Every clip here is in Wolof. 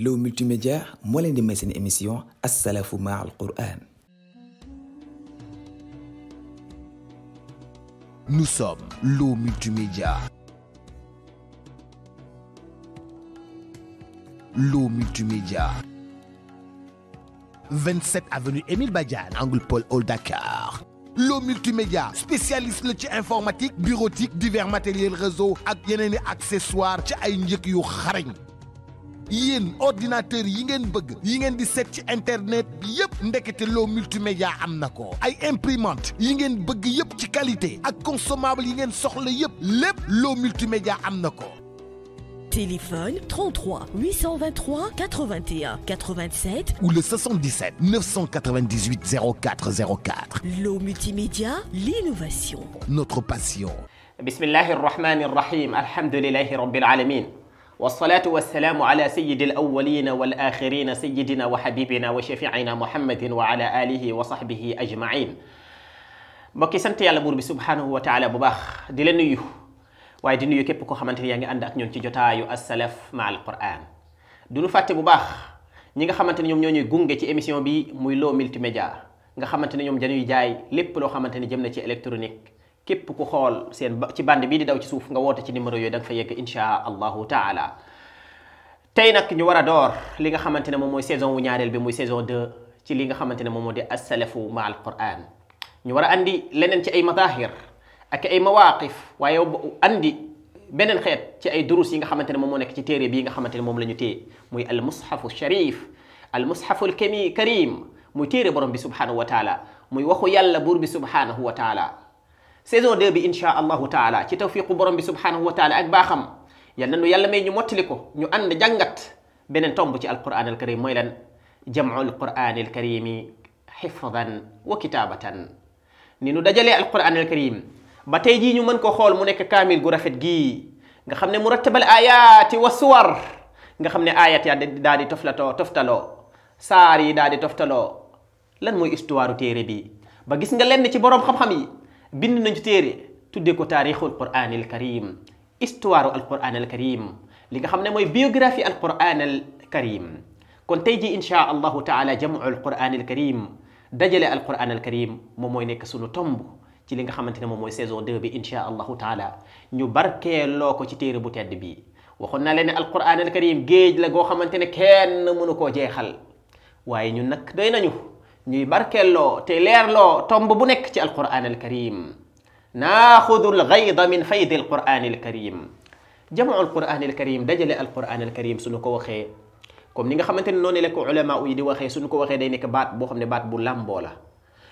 L'eau multimédia moi l'un émission à Qur'an nous sommes l'eau multimédia l'eau multimédia 27 avenue Émile Badian, angle Paul Oldakar. Dakar L'eau multimédia spécialiste le informatique bureautique divers matériels réseau et les accessoires ci ay njëkk yéen ordinateur yi ngeen bëgg yi ngeen di un internet bi yëpp ndekete loo multimédia Amnako. na ko ay imprimante yi ngeen bëgg yépp ci qualité ak consommable yi ngeen soxla yépp lépp lo multimédia Amnako. ko téléphone 33 823 81 87 ou le 77 998 0404. 04 L'eau multimédia, l'innovation. Notre passion. Bismillahir Rahmanir Rabbil والصلاة والسلام على سيد الأولين والآخرين سيدنا وحبيبنا وشفيعنا محمد وعلى آله وصحبه أجمعين mbokki sant yàlla buur bi subhanahu wa taala bu baax di la nuyu waaye di nuyu képp koo xamante ni yaa ngi ànd ak ñun ci jotaayu As-Salaf Ma'al Qur'an du ñu fàtte bu baax ñi nga xamante ne ñoom ñoo ñuy gunge ci émission bi muy Lo Multimédia nga xamante ne ñoom dañuy jaay lépp loo xamante ni jëm na ci électronique képp ku xool seen ci bande bii di daw ci suuf nga woote ci numéro yooyu da nga fa yegg insha allahu taala tey nag ñu war a door li nga xamante ne moom mooy saison wu ñaareel bi muy saison 2 ci li nga xamante ne moom moo di asalafu quran ñu war a andi leneen ci ay madahir ak ay mawaqif waaye andi beneen xeet ci ay durus yi nga xamante ne moom moo ci téere bii nga xamante ne moom la ñu téye muy al mushafu sharif al mushafu al karim muy téere borom bi subhanahu wa taala muy waxu yàlla buur bi subhanahu wa taala saison 2 bi insha allahu taala ci tawfiqu borom bi subhanahu wa taala ak baaxam yal na nu may ñu mottali ko ñu ànd jàngat beneen tomb ci alquran al karim mooy lan jamcu alquran al karimi xifdan wa kitaabatan ni nu dajalee alquran al karim ba tey jii ñu mën ko xool mu nekk kaamil gu rafet gii nga xam ne murattabal ayaati wa suwar nga xam ne ayat ya daal di toflatoo toftaloo saar yi daal di toftaloo lan mooy histoire téere bi ba gis nga lenn ci borom xam-xam yi bind nañ ci téere tuddee ko taarixul qur'aan al karim histoire al qur'aan al karim li nga xam ne mooy biographie al qur'aan al karim kon tey jii inchaa allahu taala jam'ul qur'aan al karim dajale al qur'aan al karim moom mooy nekk sunu tomb ci li nga xamante ne moom mooy saison 2 bi inchaa allahu taala ñu barkeeloo ko ci téere bu tedd bi waxoon na leen ne al qur'aan al karim géej la goo xamante ne kenn mënu koo jeexal waaye ñun nag doy nañu ñuy barkelloo te leerloo tomb bu nekk ci alquran alkarim naaxudu algayda min faydi alquran alkarim jamu alquran alkarim dajale alquran alkarim suñu ko waxee comme ni nga xamante ne noonu la ko ulama yi di waxee suñu ko waxee day nekk baat boo xam ne baat bu làmboo la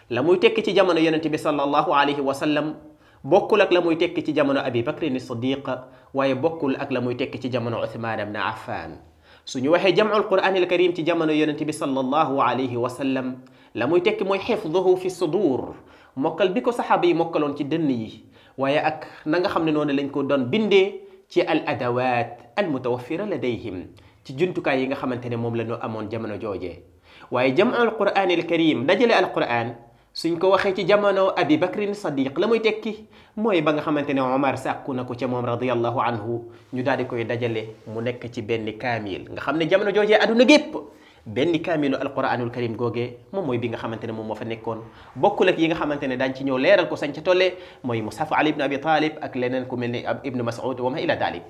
la muy tekki ci jamono yonente bi sallallahu alayhi wa sallam bokkul ak la muy ci jamono abi bakrin siddiq waaye bokkul ak la muy ci jamono uthman ibn affan suñu waxee jam'ul qur'an al karim ci jamono yonente bi sallallahu alayhi wa sallam la muy tekki moy hifdhuhu fi sudur mokal biko sahabi mokalon ci den yi waye ak na nga xamne non lañ ko don binde ci al adawat al mutawaffira ladayhim ci juntukaay yi nga xamantene mom lañu amone jamono joojee waye jam al quran al karim dajale al quran suñ ko waxe ci jamono abi bakrin sadiq la muy tekki moy ba nga xamantene ne omar sàkku nako ci mom radiyallahu anhu ñu daal koy dajale mu nek ci ben kamil nga xamne jamono joojee aduna gep ben kamilu alquraanul karim goge mom moy bi nga xamantene mom mo fa nekkon bokul ak yi nga xamantene dañ ci ñëw leral ko sañ ci tolle moy musaf ali ibn abi talib ak lenen ku melni ibn mas'ud wa ma ila dalib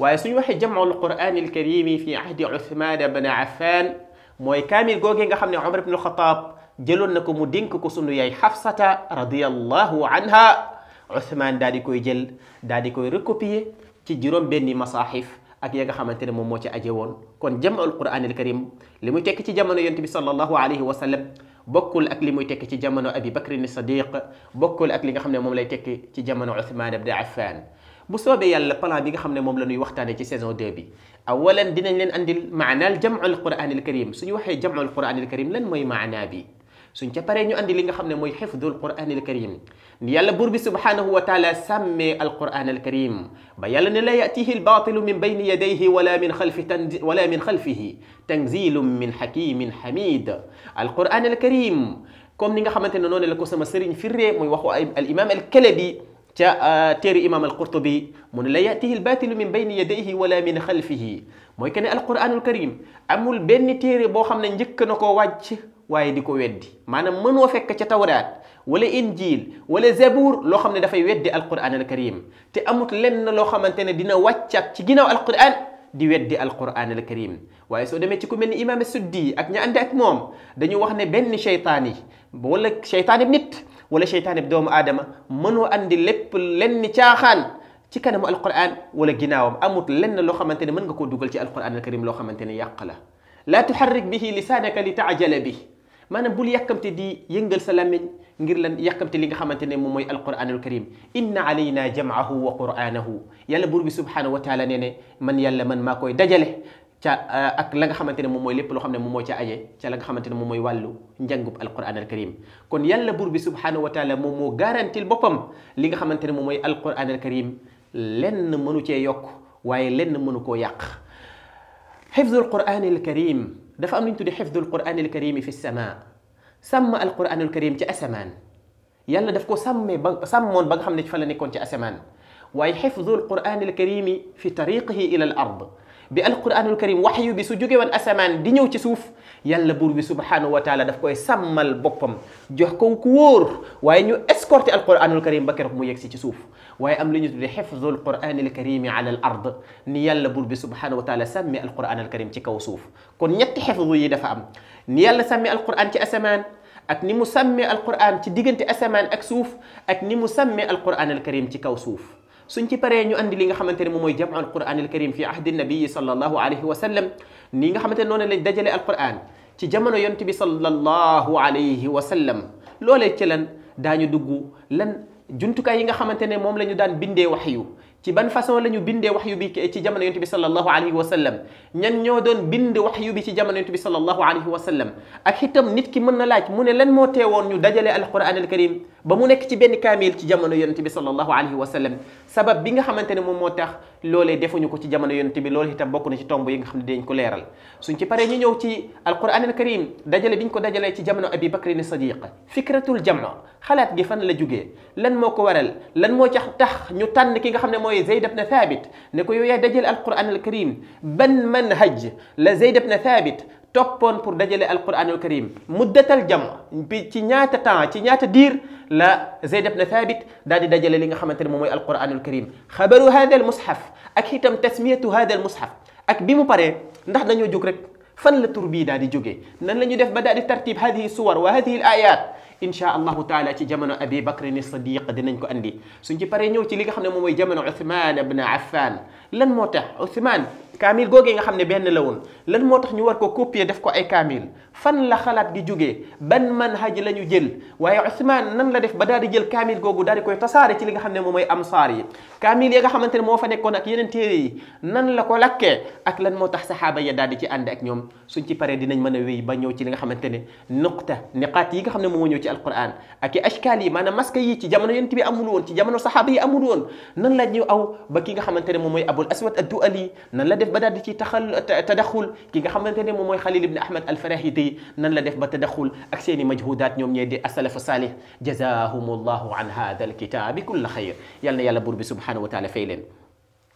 waaye suñu waxe jam'u quraanil karimi fi ahdi uthman ibn affan moy kamil goge nga xamne umar ibn khattab jëlon nako mu dénk ko sunu yay hafsata radiyallahu anha uthman daal di koy jël daal di koy recopier ci juróom benni masahif ak ya nga xamantene mom mo ci aje won kon jamaul quran al karim limuy tek ci jamono yonent bi sallallahu alayhi wa sallam bokul ak limuy tek ci jamono abi bakr ni sadiq bokul ak li nga xamne mom lay tek ci jamono Ousmane ibn Affan bu sobe yàlla plan bi nga xamne mom lañuy waxtane ci saison 2 bi awalan dinañ len andil maanaal jamaul quran al karim suñu waxe jamaul quran al karim lan moy ma'na bi suñ ca paree ñu andi li nga xam ne mooy xifdul quran al karim ni yàlla bur bi subhanahu wa taala sàmmee alquran al karim ba yàlla ne la yatihi al albatilu min bayni yadayhi wala min xalfi wala min xalfihi tanzilum min xakimin xamid alquran al karim comme ni nga xamante ne noonu la ko sama sëriñ firree mooy waxu al imam al kalabi ca téere imam al qurtubi mu ne la yatihi albatilu min bayni yadayhi wala min xalfihi mooy que ne alquranul karim amul benn téere boo xam ne njëkk na koo wàcc waaye di ko weddi maanaam mënoo fekk ca tawraat wala injil wala zabuur loo xam ne dafay weddi alquran al karim te amut lenn loo xamante ne dina wàccaat ci ginaw ginnaaw alquran di weddi alquran al karim waaye soo demee ci ku mel ni imaam ak ña ànd ak moom dañu ne benn seytaan yi wala seytaan bi nit wala seytaan bi doomu aadama mënoo andi lépp lenn caaxaan ci kanamu alquran wala ginnaawam amut lenn loo xamante ne mën nga koo dugal ci alquran al karim loo xamante ne yàq la laa tuharrik bihi lisaanaka li taajala bi maanaam bul yàkkamte di yëngal sa làmmiñ ngir lan yàkkamte li nga xamante ne moom mooy al karim inna alayna jamaahu wa quranahu yàlla buur bi subhanahu wa taala nee ne man yàlla man maa koy dajale ca uh, ak la xamante ne moom mooy lépp loo xam ne moom moo ca aje ca la nga xamante ne moom mooy wàllu njàngub alquranul karim kon yàlla buur bi subhanahu wa taala moom moo garantil boppam li nga xamante ne moom mooy alquranul karim lenn mënu cee yokk waaye lenn mënu koo yàq xifdul quranil karim دفا امنتو دي حفظ القران الكريم في السماء سما القران الكريم تي يلا دفكو سمي سمون باغا خامني فلا نيكون تي اسمان القران الكريم في طريقه الى الارض بالقران الكريم وحي بسجوج وان اسمان دي yalla buur bi subhanahu wa taala daf koy sàmmal boppam jox ko ku wóor waaye ñu escorté alquranul karim ba keroog mu yegg si ci suuf waaye am lu ñu tuddee xifdul quranil karimi ala al ard ni yàlla buur bi subhanahu wa taala sàmmi alquranul karim ci kaw suuf kon ñetti xifdu yi dafa am ni yàlla sàmmi alquran ci asamaan ak ni mu sàmmee alquran ci diggante asamaan ak suuf ak ni mu sàmmee alquran al karim ci kaw suuf suñ ci paree ñu andi li nga xamante ne moom mooy jamu alquran alkarim fi ahdi nabii sallallahu alayhi wa sallam ni nga xamante ne noonu lañ dajale alquran ci jamono yonent bi sallallahu alayhi wa sallam loolee ci lan daañu dugg lan jumtukaay yi nga xamante ne moom la ñu daan bindee waxyu ci ban façon la ñu bindee waxyu bi ci jamono yonent bi sallallahu alayhi wa sallam ñan ñoo doon bind waxyu bi ci jamono yonent bi sallallahu alayhi wa sallam ak itam nit ki mën na laaj mu ne lan moo teewoon ñu dajale alquran al karim mu nekk ci benn kaamil ci jamono yonent bi sallallahu alayhi wa sallam sabab bi nga xamante ne moom moo tax loolee defuñu ko ci jamono yonent bi loolu itam bokk na ci tomb yi nga xam ne dañ ko leeral suñ ci paree ñu ñëw ci alquran al karim dajale biñ ko dajalee ci jamono abi bakrin sadiq fikratul jama xalaat gi fan la jugee moko waral lan mo ci tax ñu tan ki nga xamne moy zaid ibn Thabit ne ko yoy dajel alquran alkarim karim ban manhaj la zaid ibn Thabit topone pour dajel alquran alkarim karim muddatal jam bi ci ñaata temps ci ñaata dir la zaid ibn Thabit dal di dajel li nga xamante ne moom alquran alkarim khabaru hadha almushaf ak hitam tasmiyatu hadha almushaf ak bi mu paree ndax dañu juk rek fan la tour bi dal di joge nan lañu def ba dal di tartib hadhihi suwar wa hadhihi alayat incha allahu taala ci jamono abi bakrin sadiq dinañ ko andi suñ ci paree ñëw ci li xam ne moom benn la lan moo tax ñu war ko copier def ko ay kaamil fan la xalaat gi jógee ban manhaj la ñu jël waaye Ousmane nan la def ba daal di jël kaamil googu daal koy tasaare ci li nga xam ne moom mooy amsaar yi kaamil yi nga xamante ne moo fa nekkoon ak yeneen téere yi nan la ko lakkee ak moo tax saxaaba ya daal di ci ànd ak ñoom suñ ci paree dinañ mën a wéy ba ñëw ci li nga xamante ne nuqta niqaat yi nga xam ne moom moo ñëw ci alquran ak i ashkaal yi maanaam masque yi ci jamono yentibi amul won ci jamono sahaba yi amul won nan la ñu aw ba ki nga xamantene mom moy abul aswad ad-duali nan la def ba dal ci taxal tadakhul ki nga xamantene mom moy khalil ibn ahmad al-farahidi nan la def ba tadakhul ak seeni majhudat ñom ñee di as-salaf salih jazahumullahu an hadha al-kitab kull khair na yàlla bur bi subhanahu wa taala feelen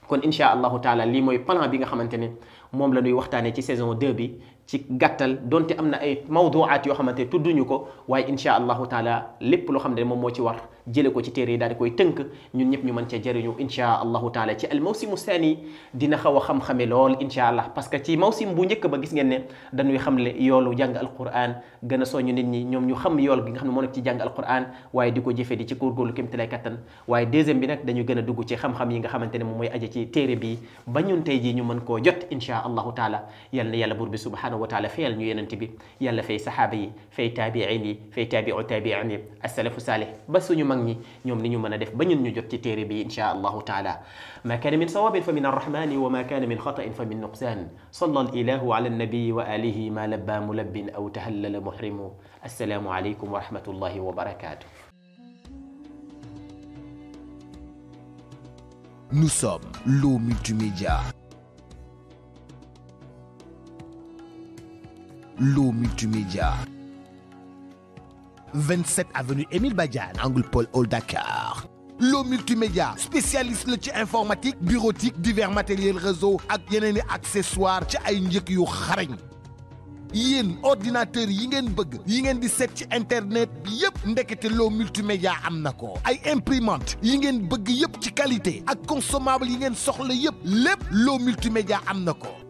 kon insha allah taala li moy plan bi nga xamantene mom la ñuy waxtane ci saison 2 bi ci gàttal donte am na ay mawduwaat yoo xamante tudduñu ko waaye incha allahu taala lépp loo xam ne moom moo ci war jële ko ci téere yi daal di koy tënk ñun ñëpp ñu mën cee jëriñu insha taala ci al mawsimu saani dina xaw a xam-xame lool insha allah ci mawsim bu njëkk ba gis ngeen ne a soñu nit ñi ñoom ñu xam yool gi nga xam ne moo nekk ko jëfe di ci góorgóorlu kémti lay kattan waaye deuxième dañu gën a dugg ci xam-xam yi nga xamante ne moom mooy aje ci téere bi ba ñun tey jii ñu mën koo jot insha allahu taala yal na yàlla buur bi subhanahu wa taala fayal ñu yenente bi yàlla fay sahaaba yi fay taabiin yi fay taabiu taabiin yi asalafu saalih mag ñi ñoom ni ñu mën a def ba ñun ñu jot ci téere bi insha allahu taala ma kaana min sawabin fa min arrahmani wa ma kaana min xatain fa min nuqsan salla alilahu ala annabiyi wa alihi ma labba mulabbin aw tahallala muhrimu assalaamu aleykum wa rahmatullahi wa barakatuh Nous sommes l'eau multimédia. l'eau multimédia. 27 avenue Émile Badiane angle Paul Hall Dakar multimédia spécialiste de ci informatique bureautique divers matériels réseau ak yeneen accessoires. ci ay njëkk yu xarañ un ordinateur yi ngeen bëgg yi ngeen di set ci internet bi yépp ndekete multimédia am na ay imprimante yi ngeen bëgg yépp ci qualité ak consommable yi ngeen soxla yépp lépp loo multimédia am multimédia